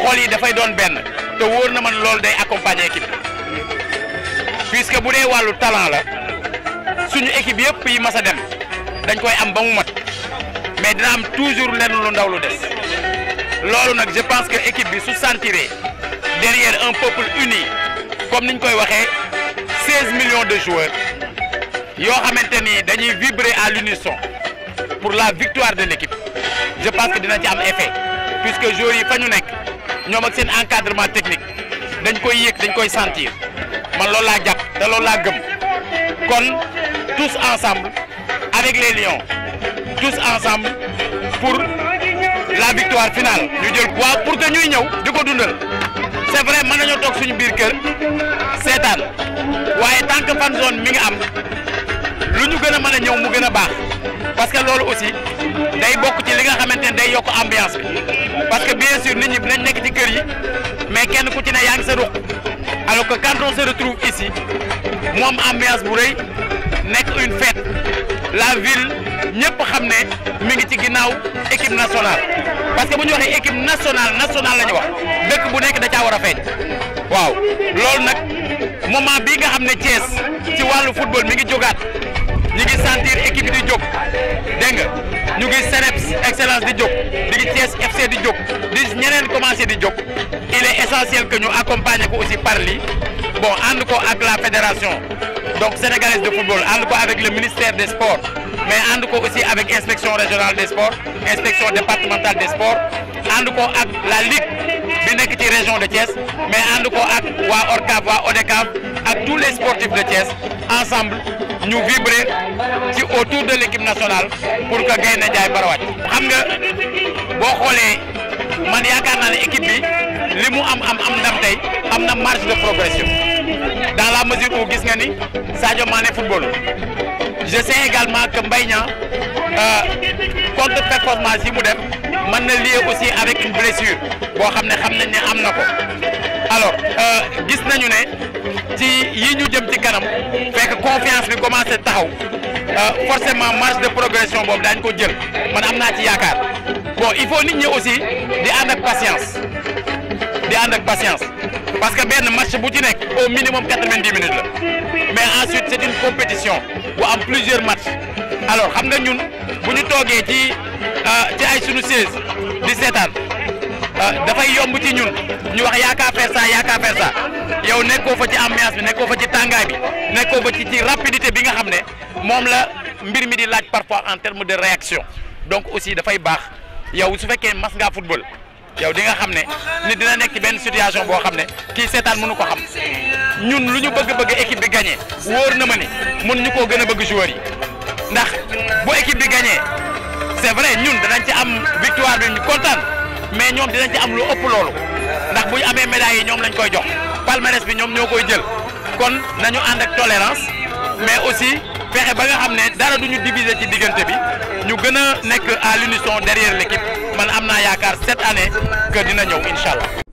xol yi dafay doon benn te wóor na man loolu day accompagner équipe puisque bu dee wàllu talent la suñu équipe yëpp yi mas a dem dañ koy am ba mu mat mais dina am toujours lenn lu ndaw lu des loolu nag je pense que équipe bi su sentiree derrière un peuple uni comme niñ koy waxee seize millions de joueurs yoo xamante ni dañuy vibrer à l'unisson pour la victoire de l'équipe je pense que dina ci am effet puisque joueurs yi fa ñu nekk ñoom ak seen encadrement technique dañ koy yëg dañ koy sentir man loolu laa jàpp te loolu laa gëm kon tous ensemble avec les lions tous ensemble pour la victoire finale ñu jël waaw pour que ñuy ñëw di ko dundal c'est vrai mën nañoo toog suñu biir kër seetaan waaye tant que fan mi am lu ñu gën a mën ñëw mu gën a baax parce que loolu aussi day bokk ci li nga xamante ne day yokk ambiance bi parce que bien sûr nit ñi dinañ nekk ci kër yi mais kenn ku ci ne yaa ngi sa ruq alors que quand on retrouve ici mu am ambiance bu rëy nekk une fête la ville xam ne mi ngi ci ginnaaw équipe nationale parce que bu ñu waxee équipe nationale nationale la wax dëkk bu nekk da caa war a feeñ waaw loolu nag moment bii nga xam ne Thiès ci wàllu football mi ngi jógaat ñi ngi sentir équipe di jóg ñu ngi Seneps excellence di jóg di ngi Thiès FC di jóg di ñeneen commencé di jóg il est essentiel que ñu accompagner ko aussi par lii bon ànd ko ak la fédération donc sénégalaise de football ànd ko avec le ministère des sports mais ànd ko aussi avec inspection régionale des sports inspection départementale des sports ànd ko ak la ligue bi nekk ci région de Thiès mais ànd ko ak waa ORCAV waa ODECAV ak tous les sportifs de Thiès ensemble ñu vibrer ci autour de l' équipe nationale pour que Gaynde Njaay Bara wàcc xam nga boo xoolee man yaakaar naa ne équipe bi li mu am am am ndam tey am na marge de progression dans la mesure où gis nga ni Sadio Mané football je sais également que Mbaye Niang euh, contre performance yi mu def. mën na lié aussi avec une blessure boo xam ne xam nañ ne am na ko alors euh, gis nañu ne ci yi ñu jëm ci kanam fekk confiance bi commencé taxaw euh, forcément marge de progression boobu daañu ko jël man am naa ci yaakaar bon il faut nit ñi aussi di ànd ak patience di ànd ak patience. parce que benn match bu ci nekk au minimum quatre-vingt-dix minutes la mais ensuite c'est une compétition bu am plusieurs matchs alors xam nga ñun bu ñu toogee ci euh, ci ay sunu siège di seetaan euh, dafay yomb ci ñun ñu wax yaakaar faire ça yaakaar faire ça yow nekkoo fa ci ambiance bi nekkoo fa ci tàngaay bi nekkoo fa ci rapidité bi nga xam ne moom la mbir mi di laaj parfois en terme de réaction donc aussi dafay baax yow su fekkee mas ngaa football. yow di nga xam ne nit dina nekk benn situation boo xam ne kii seetaan mënu ko xam ñun lu ñu bëgg-bëgg équipe bi gagné wóor na ma ni mun ñu koo gën a bëgg joueurs yi ndax bu équipe bi gagné c'est vrai ñun danañ ci am victoire bi ñu kontaan mais ñoom danañ ci am lu ëpp loolu ndax bu amee médailles yi ñoom lañ koy jox palmarès bi ñoom ñoo koy jël kon nañu ànd ak tolérance mais aussi. fexe ba nga xam ne dara du ñu diviser ci diggante bi ñu gën a nekk à l'unisson derrière l'équipe man am naa yaakaar cette année que dina ñëw incha allah